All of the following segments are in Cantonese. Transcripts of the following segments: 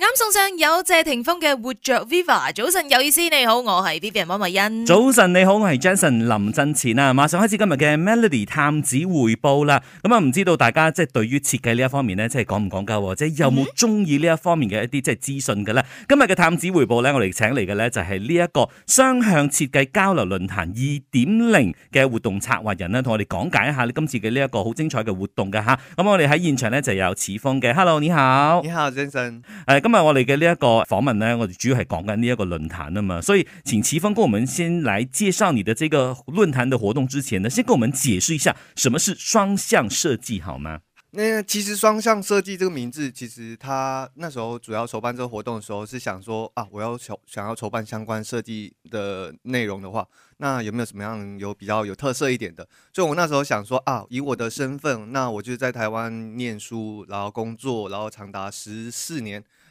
啱送上有謝霆鋒嘅活着 Viva，早晨有意思，你好，我係 Vivi 温慧欣。早晨你好，我係 Jason 林振前啊，馬上開始今日嘅 Melody 探子回報啦。咁啊，唔知道大家於設計講講即係對於設計呢一方面呢，即係講唔講究，或者有冇中意呢一方面嘅一啲即係資訊嘅咧？今日嘅探子回報咧，我哋請嚟嘅咧就係呢一個雙向設計交流論壇二點零嘅活動策劃人咧，同我哋講解一下今次嘅呢一個好精彩嘅活動嘅吓。咁我哋喺現場呢就有旂鋒嘅，Hello 你好，你好 Jason。哎咁啊！我哋嘅呢一個訪問呢，我哋主要係講緊呢一個論壇啊嘛，所以請旂鋒跟我們先嚟介紹你的這個論壇的活動之前呢，先跟我們解釋一下什麼是雙向設計好嗎？那其實雙向設計這個名字，其實他那時候主要籌辦這個活動的時候，是想說啊，我要籌想要籌辦相關設計的內容的話，那有沒有什麼樣有比較有特色一點的？所以我那時候想說啊，以我的身份，那我就在台灣念書，然後工作，然後長達十四年。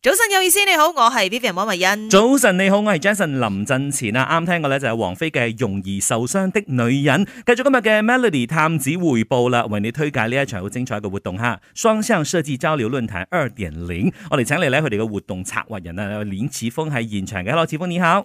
早晨有意思，你好，我係 Vivian 莫慧欣。早晨你好，我係 Jason 林振前啊，啱聽過咧就係王菲嘅《容易受傷的女人》。繼續今日嘅 Melody 探子回報啦，為你推介呢一場好精彩嘅活動哈，雙向設計交流論壇二點零。我哋請嚟咧佢哋嘅活動策劃人啊林旂鋒喺現場嘅，Hello 旂鋒，你好。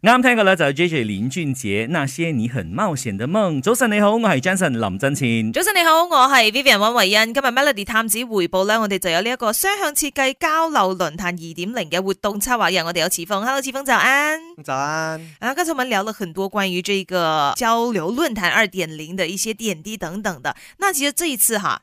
啱聽過啦，就 J J 林俊傑那些你很冒險的夢。早晨你好，我係 Jason 林俊前。早晨你好，我係 Vivian 溫維恩。今日 Melody 探子回報咧，我哋就有呢一個雙向設計交流論壇二點零嘅活動策劃人，我哋有旂鋒，Hello 旂鋒早安。早安。啊，剛才我們聊了很多關於這個交流論壇二點零的一些點滴等等的。那其實這一次哈。